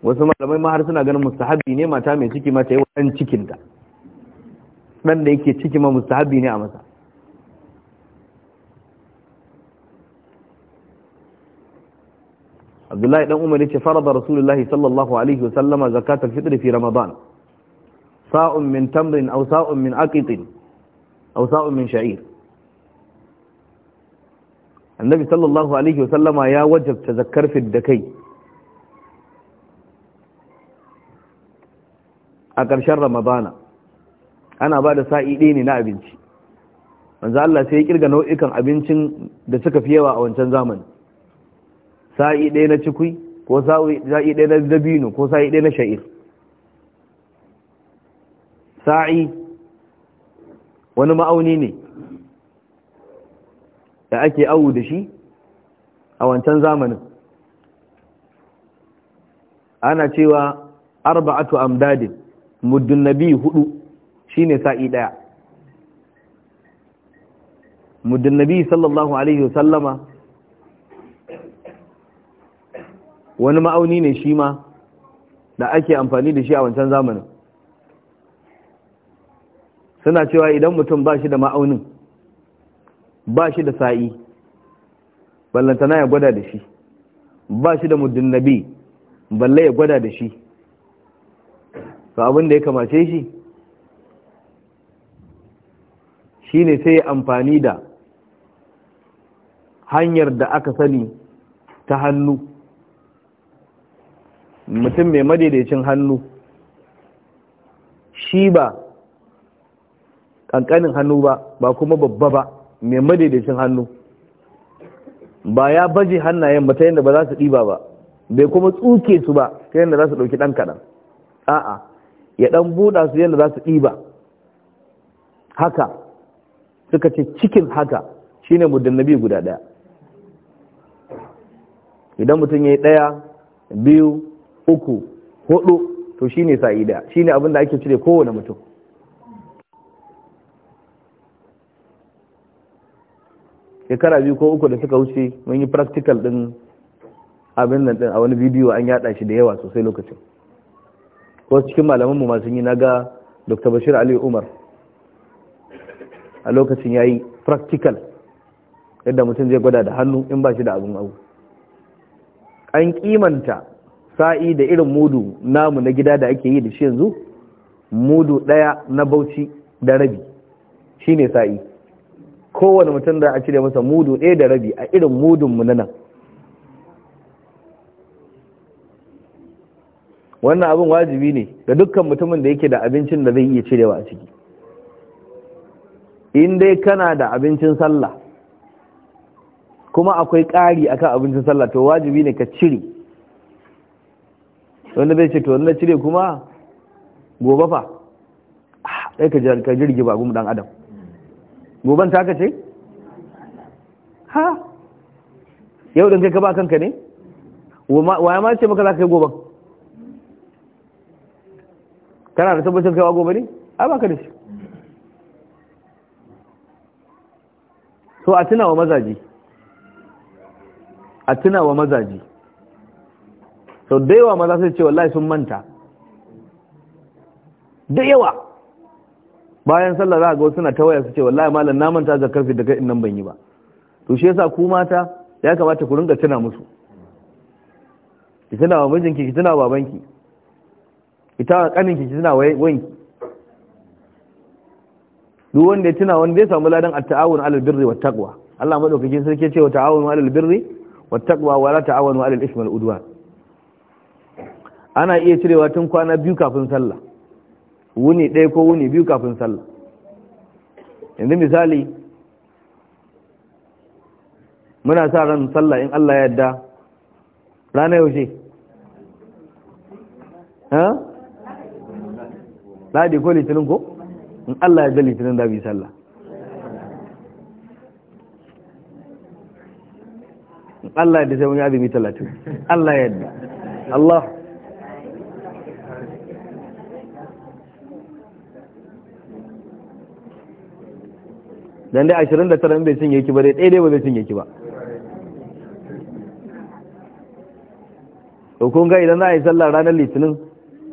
wasu malamai ma har suna ganin mustahabi ne mata mai ciki mata yi wadan cikinta ɗan da yake ciki ma mustahabi ne a masa Abdullahi ɗan Umar fara da Rasulullahi sallallahu alaihi wasallama zakatar fitr fi Ramadan sa'un min tamrin au sa'un min aqitin au sa'un min sha'ir Annabi sallallahu alaihi wasallama ya wajabta zakar fi da kai a ƙarshen ramadana ana ba da sa'i ɗaya ne na abinci wanzu Allah sai ya kirga nau'ikan abincin da suka fi yawa a wancan zamani sa'i ɗaya na cikui ko sa'i ɗaya na dabino ko sa'i ɗaya na sha'ir sa'i wani ma'auni ne da ake awu da shi a wancan zamanin ana cewa arba'atu amdadin muddin nabi hudu shine sa'i daya muddin nabi sallallahu alaihi wasallama wani ma'auni ne shi ma da ake amfani da shi a wancan zamanin suna cewa idan mutum ba shi da ma'aunin ba shi da sa'i ballantana ya gwada da shi ba shi da muddin nabi balle ya gwada da shi to abin da ya kamace shi Shi ne sai ya amfani da hanyar da aka sani ta hannu mutum mai madaidaicin hannu shi ba ƙanƙanin hannu ba ba kuma babba ba mai madaidaicin hannu ba ya baje hannayen ba ta yadda ba za su ɗiba ba bai kuma tsuke su ba ta yadda za su ɗauki ɗan kaɗan a'a ya ɗan buɗa su yadda za su ɗiba haka suka ce cikin haka shine muddin nabi guda ɗaya idan mutum ya yi ɗaya biyu uku hudu to shine sa'i ɗaya shine abin da ake cire kowane mutum shekara biyu ko uku da suka wuce mun yi practical din abin nan din a wani bidiyo an yada shi da yawa sosai lokacin wasu cikin mu masu yi na ga dr bashir ali umar a lokacin yayi yi practical yadda mutum zai gwada da hannu in ba shi da abin abu an kimanta sa'i da irin mudu namu na gida da ake yi da shi yanzu mudu ɗaya na bauchi da rabi shine sa'i kowane mutum da a cire masa mudu ɗaya da rabi a irin mudun mu na nan wannan abin wajibi ne ga dukkan mutumin da yake da abincin da zai iya cirewa a ciki in dai kana da abincin sallah kuma akwai ƙari akan abincin sallah to wajibi ne ka cire wanda zai ce to wanda cire kuma gobe fa sai ka jirgi ba gumu dan adam ta ka ce ha yau ɗin kai ka ba kanka ne wa ya ma ce maka za ka yi goben? kana da tabbacin kaiwa gobe ne a baka da shi so a tuna wa mazaji a tuna wa mazaji so da yawa maza sai ce wallahi sun manta da yawa bayan sallah za ga suna ta waya su ce wallahi malam na manta da karfi daga innan ban yi ba to shi yasa ku mata ya kamata ku ringa tuna musu ki tuna wa mijinki ki tuna wa babanki ita kanin ki tana wanki duk wanda ya tuna wanda zai samu ladan at-ta'awun 'alal birri wat taqwa Allah madaukakin sarki ce wa ta'awun 'alal birri wat taqwa wa la ta'awun 'alal ismi wal udwan ana iya cirewa tun kwana biyu kafin sallah wuni ɗaya ko wuni biyu kafin sallah yanzu misali muna sa ran sallah in Allah ya yarda ranar yaushe ha ladi ko litinin ko in Allah ya ga litinin da bi sallah Allah ya da sai wani azumi talatin Allah ya yadda Allah dan dai 29 in bai cinye ki ba dai dai ba zai cinye ki ba to kun ga idan za a yi sallah ranar litinin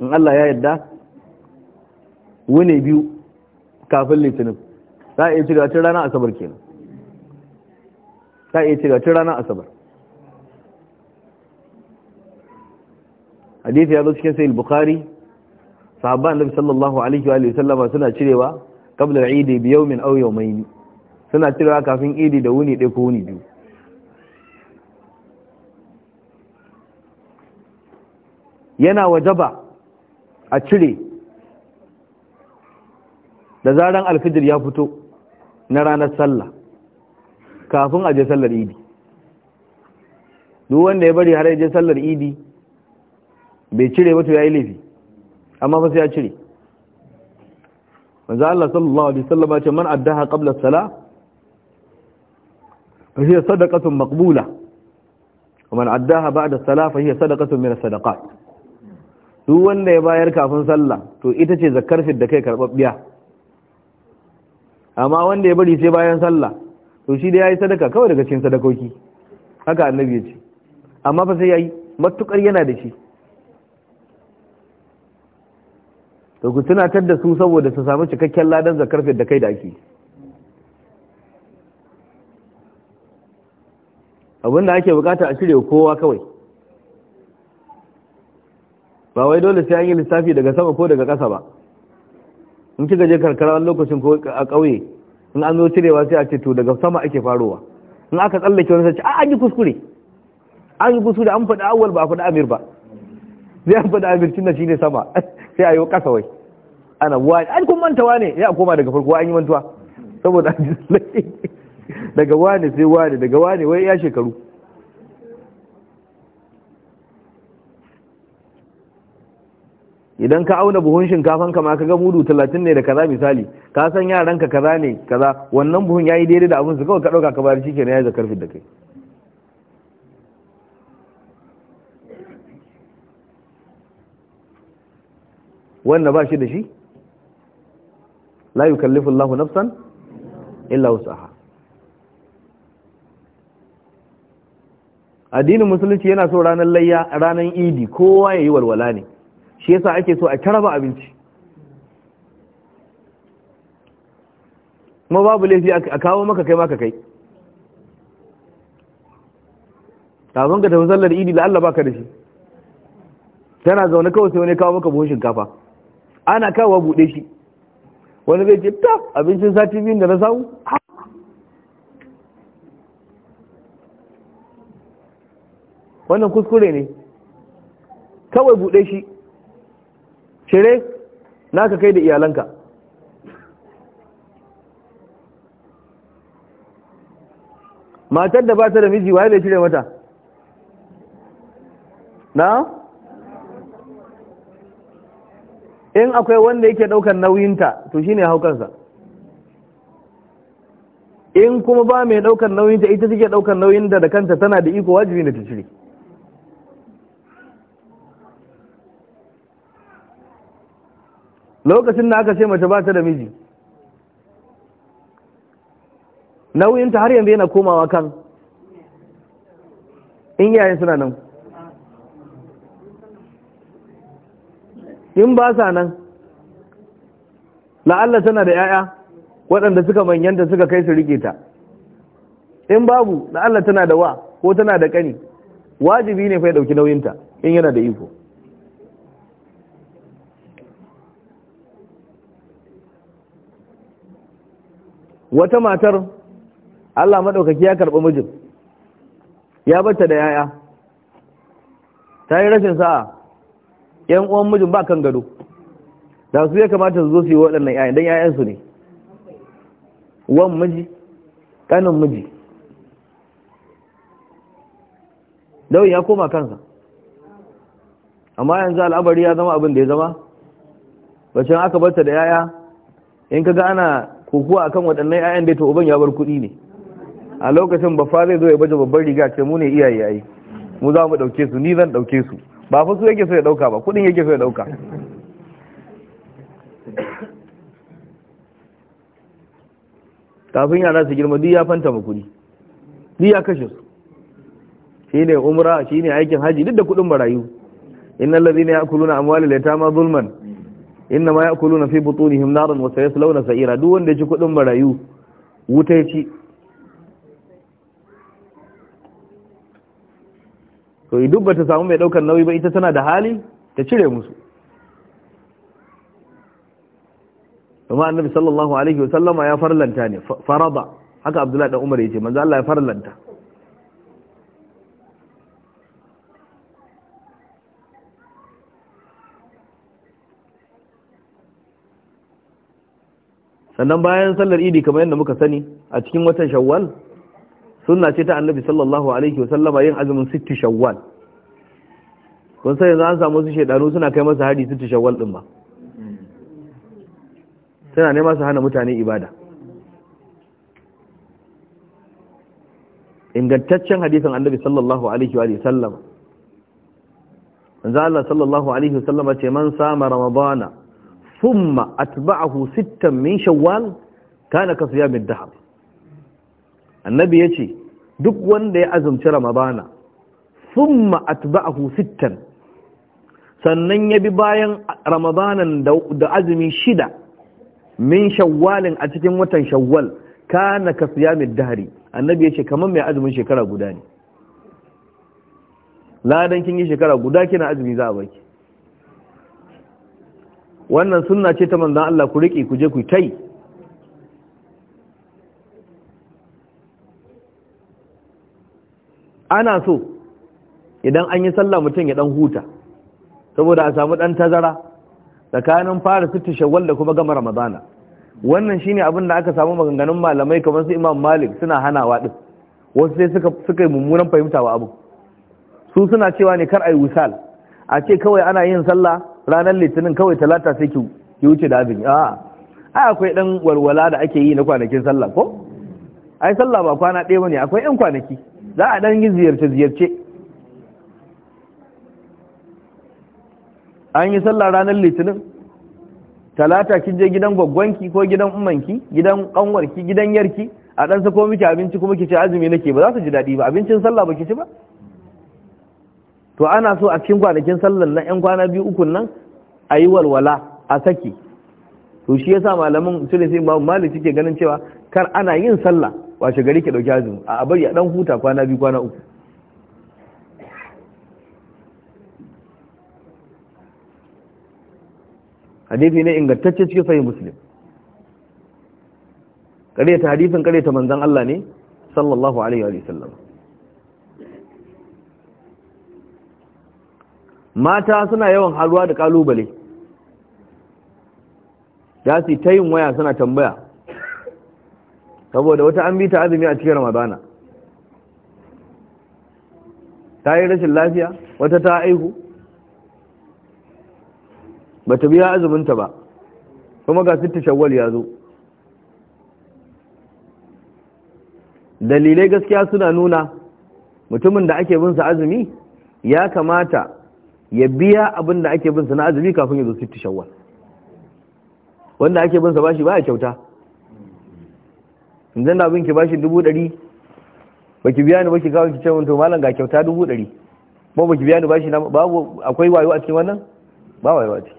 in Allah ya yadda wune biyu kafin litinin za a iya cire tun ranar asabar kenan za a iya cira tun ranar asabar hadith ya zo cikin sayil bukhari sahabba annabi sallallahu alaihi wa sallama suna cirewa qabla al-eid bi yawmin aw yawmayn suna cirewa kafin idi da wuni dai ko wuni biyu yana wajaba a cire da zaran alfijir ya fito na ranar sallah kafin a je sallar idi duk wanda ya bari har ya je sallar idi bai cire ba to yi laifi amma fa sai ya cire manzo Allah sallallahu alaihi wasallam ya ce man addaha qabla as Sala? fa hiya sadaqatun maqbula wa man addaha ba'da as sala fa hiya sadaqatun min as-sadaqat duk wanda ya bayar kafin sallah to ita ce zakar fit da kai karbabbiya amma wanda ya bari sai bayan sallah to shi da yayi sadaka kawai daga cikin sadakoki haka annabi ya ce amma fa sai yayi matukar yana da shi to ku tunatar da su saboda su samu cikakken ladan zakar da kai da ake abin da ake bukata a shirya kowa kawai ba wai dole sai an yi lissafi daga sama ko daga kasa ba in kika je karkara wani lokacin ko a ƙauye in an zo cirewa sai a ce to daga sama ake farowa in aka tsallake wani sace a ah, an yi kuskure an yi kuskure an faɗi awwal ba a faɗi amir ba zai an faɗi amir tunda shine sama sai a yi ƙasa wai ana wa an kun mantawa ne ya koma daga farko an yi mantuwa saboda an ji daga wani sai wani daga wani wai ya shekaru idan ka auna buhun shinkafan kama ka ga mudu 30 ne da kaza misali ka san yaran ka kaza ne kaza wannan buhun yayi daidai da abin su kawai ka dauka ka bayar shikenan yayi zakar da kai wanda ba shi da shi la yukallifu Allahu nafsan illa wusaha addinin musulunci yana so ranar layya ranar idi kowa yayi walwala ne shi yasa ake so a taraba abinci kuma babu laifi a kawo maka kai maka kai kafin ka tafi sallar idi da Allah baka da shi tana zaune kawai sai wani kawo maka buhun shinkafa ana kawo buɗe shi wani zai ce ta abincin sati biyun da na samu wannan kuskure ne kawai buɗe shi cire naka kai da iyalanka matar da ba ta da miji waye da cire mata na in akwai wanda yake daukar nauyinta to shine haukansa in kuma ba mai daukar nauyinta ita take daukar nauyin da kanta tana da iko wajibi ne ta cire lokacin da aka ce mace ba ta da miji nauyinta har yanzu yana komawa kan in yayin suna nan in ba sa nan la'alla tana da 'ya'ya waɗanda suka manyanta suka kai su rike ta in babu la'alla tana da wa ko tana da ƙani wajibi ne fa ya ɗauki nauyinta in yana da iko wata matar Allah maɗaukaki ya karɓi mijin ya bata da yaya ta yi rashin sa'a yan uwan mijin ba kan gado da su ya kamata su zo su yi waɗannan yayan don yayansu ne Uwan miji ƙanin miji dawin ya koma kansa amma yanzu al'abari ya zama abin da ya zama bacin aka bata da yaya in ka ga ana ko kuwa akan waɗannan 'ya'yan da ta uban ya bar kuɗi ne a lokacin bafa zai zo ya baje babbar riga ce mu ne iyaye ai mu za mu ɗauke su ni zan ɗauke su ba fa su yake so ya ɗauka ba kuɗin yake so ya ɗauka kafin yana su girma duk ya fanta ma kuɗi duk ya kashe su shi ne umra shi ne aikin haji duk da kuɗin barayu innal ladhina ya'kuluna amwalal yatama zulman inna ma ya'kuluna fi butunihim naran wa sayaslawna sa'ira duk wanda ya ci kudin marayu wuta ya ci to idan bata samu mai daukar nauyi ba ita tana da hali ta cire musu kuma annabi sallallahu alaihi wasallama ya farlanta ne farada haka abdullahi dan umar yace manzo Allah ya farlanta sannan bayan sallar idi kamar yadda muka sani a cikin watan shawwal sunna ce ta annabi sallallahu alaihi wasallama yin azumin sittu shawwal kun sai yanzu an samu su shaidanu suna kai masa hari sittu shawwal din ba suna nema su hana mutane ibada ingantaccen hadisin annabi sallallahu alaihi wa sallam manzo Allah sallallahu alaihi wasallama ce man sama ramadana ثم أتبعه ستا من شوال كان كصيام الدهر النبي يجي duk wanda ya azumci ramadana thumma atba'ahu sittan sannan ya bi bayan ramadanan da azumi shida min shawwalin a cikin watan shawwal kana ka siyamid dahari. annabi ya ce kaman mai azumin shekara guda ne ladan kin yi shekara guda kina azumi za a baki wannan suna ce ta manzan Allah ku riƙe ku je ku yi. ana so idan an yi sallah mutum ya ɗan huta saboda a samu ɗan tazara tsakanin fara sittu shawar da kuma gama ramadana wannan shine abin da aka samu maganganun malamai kamar su Imam Malik suna hanawa ɗin wasu sai suka yi mummunan fahimta wa abu su suna cewa ne kar a yi wusal. a ce kawai ana yin sallah ranar litinin kawai talata sai ki wuce da abin a'a ai akwai dan walwala da ake yi na kwanakin sallah ko ai sallah ba kwana ɗaya bane akwai ɗan kwanaki za a dan yi ziyarce ziyarce an yi sallah ranar litinin talata kin je gidan gwaggwanki ko gidan ummanki gidan kanwarki gidan yarki a dan sako miki abinci kuma ki ci azumi nake ba za su ji daɗi ba abincin sallah ba ki ci ba to ana so a cikin kwanakin sallar na yan kwana biyu uku nan a yi walwala a saki to shi yasa malamin su sai babu malik suke ganin cewa kar ana yin sallah washe gari ke dauki azumi a bari a dan huta kwana biyu kwana uku hadisi ne ingantacce cikin sahih muslim ta hadisin ta manzon Allah ne sallallahu alaihi wa sallam mata suna yawan haruwa da kalubale za su ta yin waya suna tambaya saboda wata an bi ta azumi a cikin ramadana ta yi rashin lafiya wata ta aihu ba ta biya azuminta ba kuma ga sitta shawwal ya zo dalilai gaskiya suna nuna mutumin da ake binsa azumi ya kamata ya biya abin da ake bin sa na azumi kafin ya zo sitti shawwal wanda ake bin sa bashi baya kyauta da abin ki bashi dubu ɗari ki biya ni ki kawo ki ce to malam ga kyauta dubu ɗari ba ki biya ni bashi na babu akwai wayo a cikin wannan ba wayo a ciki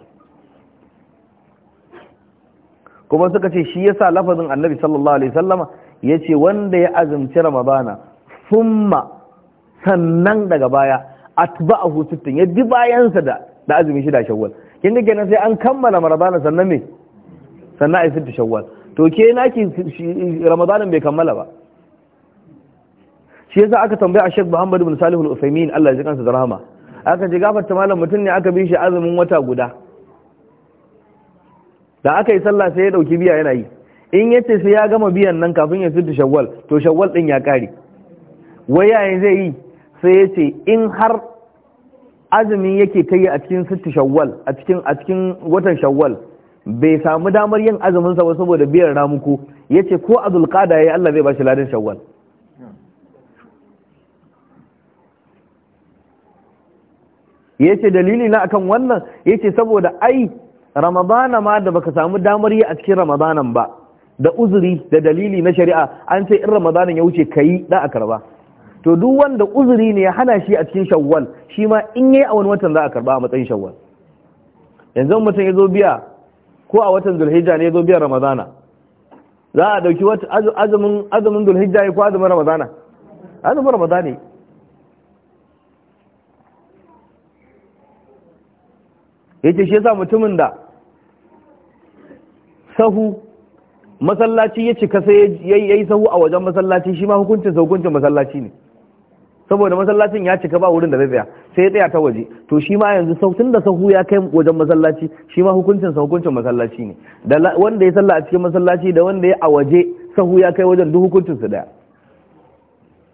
kuma suka ce shi yasa lafazin annabi sallallahu alaihi sallama ya ce wanda ya azumci ramadana summa sannan daga baya atba'ahu sittin ya bi bayansa da da azumi shida shawwal kin ga kenan sai an kammala ramadana sannan me sannan ai sittin shawwal to ke naki ramadanin bai kammala ba shi yasa aka tambaya a Sheikh Muhammad bin Salih al-Uthaymeen Allah ya ji kansa da rahama aka ji gafarta malam mutum ne aka bi shi azumin wata guda da aka yi sallah sai ya dauki biya yana yi in yace sai ya gama biyan nan kafin ya sittin shawwal to shawwal din ya kare wai yayin zai yi sai ya ce in har azumi yake ta yi a cikin sittu shawwal a cikin a watan shawwal bai samu damar yin azuminsa sa ba saboda biyar ramuku yace ko azul qada yayi Allah zai ba shi ladan shawwal yace dalili na akan wannan yace saboda ai ramadana ma da baka samu damar yi a cikin ramadanan ba da uzuri da dalili na shari'a an ce in ramadanan ya wuce kayi da a to duk wanda uzuri ne ya hana shi a cikin shawwal shi ma in yayi a wani watan za a karba a matsayin shawwal yanzu mutum ya zo biya ko a watan zulhijja ne ya zo biyan ramadana za a dauki azumin azumin zulhijja ne ko azumin ramadana azumin ramadana ne yace shi yasa mutumin da sahu masallaci ya cika sai yayi sahu a wajen masallaci shi ma hukuncin hukuncin masallaci ne saboda masallacin ya cika ba wurin da zai tsaya sai ya tsaya ta waje to shi ma yanzu sautin da sahu ya kai wajen masallaci shi ma hukuncin sa hukuncin masallaci ne da wanda ya salla a cikin masallaci da wanda ya a waje sahu ya kai wajen duk hukuncin su daya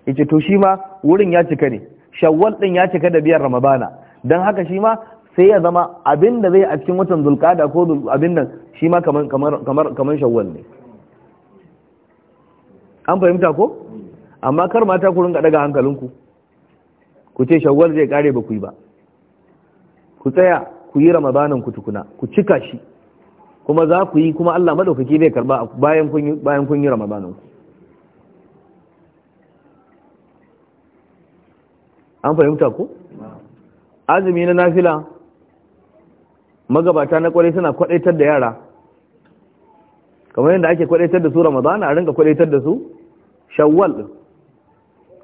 yace to shi ma wurin ya cika ne shawwal din ya cika da biyar ramadana dan haka shi ma sai ya zama abin da zai a cikin watan zulqada ko abin nan shi ma kamar kamar kamar shawwal ne an fahimta ko amma kar mata ku rinka daga hankalinku ku ce shawwal zai kare ba ku yi ba ku tsaya ku yi ramadanin ku tukuna ku cika shi kuma za ku yi kuma Allah madaukaki zai karba bayan kun yi bayan kun yi ramadanin ku an fahimta ku? azumi na nafila magabata na kwarai suna kwadaitar da yara kamar yadda ake kwadaitar da su ramadana a rinka kwadaitar da su shawwal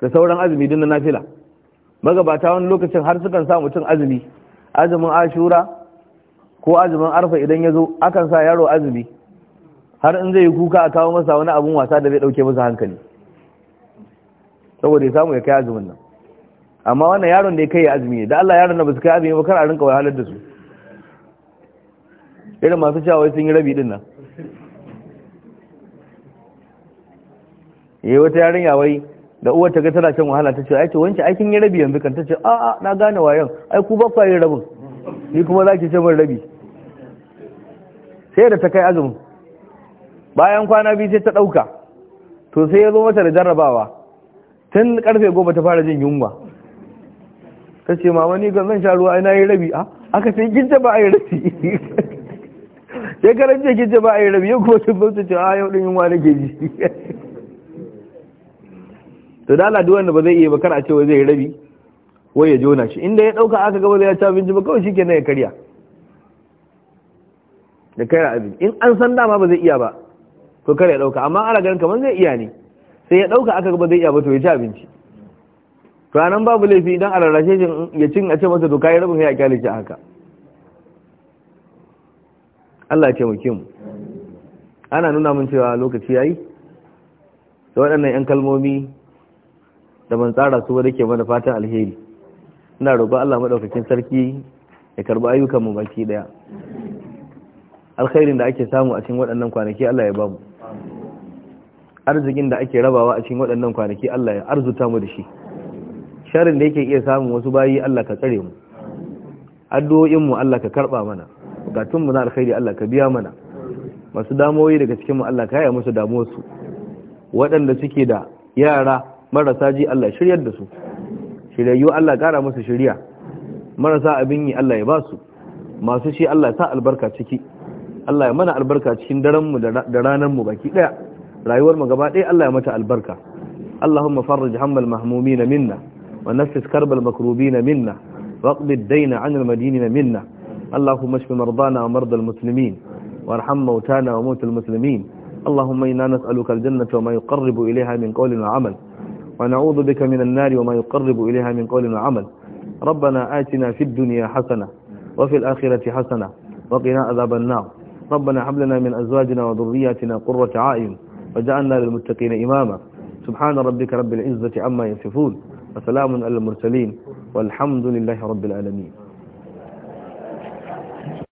da sauran azumi din na nafila magabata wani lokacin har sukan sa mutum azumi azumin ashura ko azumin arfa idan ya zo akan sa yaro azumi har in zai yi kuka a kawo masa wani abun wasa da zai dauke masa hankali saboda ya samu ya kai azumin nan amma wannan yaron da ya kai azumi ne da Allah yaron da ba su kai azumi ba kar a rinka wahalar da su irin masu cewa sun yi rabi din nan yayi eh, wata yarinya wai da uwar ta ga tana shan wahala ta ce ai to wancan aikin ya rabi yanzu kan ta ce a a na gane wayan ai ku ba ku yi rabin ni kuma za ki ce min rabi sai da ta kai azumi bayan kwana biyu sai ta ɗauka to sai ya zo mata da jarrabawa tun karfe goma ta fara jin yunwa ta ce mama ni ga zan sha ruwa ai na yi rabi a ah, aka sai ta ba a yi rabi sai karance ta ba a yi rabi yau kuma sun bauta ce a ah, yau din yunwa nake ji to da Allah duk wanda ba zai iya ba kar a ce wai zai rabi wai ya jona shi inda ya dauka aka gaba zai ya ci abinci ba kawai shikenan ya karya da kai abin in an san dama ba zai iya ba to kar ya dauka amma ana ganin kamar zai iya ne sai ya dauka aka gaba zai iya ba to ya ci abinci to anan babu laifi idan a rarrashe shi ya cin a ce masa to kai rabin sai ya kyale shi haka Allah ya taimake mu ana nuna mun cewa lokaci yayi da waɗannan 'yan kalmomi da ban tsara su wadda ke mana fatan alheri ina roƙon Allah maɗaukakin sarki ya karɓi ayyukan mu baki ɗaya alkhairin da ake samu a cikin waɗannan kwanaki Allah ya bamu arzikin da ake rabawa a cikin waɗannan kwanaki Allah ya arzuta mu da shi sharrin da yake iya samun wasu bayi Allah ka tsare mu addu'o'in mu Allah ka karɓa mana bukatun mu na alkhairi Allah ka biya mana masu damoyi daga cikin mu Allah ka yaya musu damuwarsu waɗanda suke da yara marasa ji Allah shiryar da su shiryayyu Allah kara musu shiriya marasa abin yi Allah ya ba su masu shi Allah sa albarka ciki Allah ya mana albarka cikin daren mu da ranar mu baki daya rayuwar mu gaba daya Allah ya mata albarka Allahumma farrij hammal na minna wa naffis karbal makrubin minna waqdi dayna dayn 'an minna Allahumma ishfi mardana wa marda al-muslimin warham mawtana wa mawt al-muslimin اللهم إنا نسألك الجنة وما يقرب إليها من قول وعمل ونعوذ بك من النار وما يقرب إليها من قول وعمل ربنا آتنا في الدنيا حسنة وفي الآخرة حسنة وقنا عذاب النار ربنا حبلنا من أزواجنا وذرياتنا قرة عائن وجعلنا للمتقين إماما سبحان ربك رب العزة عما يصفون وسلام على المرسلين والحمد لله رب العالمين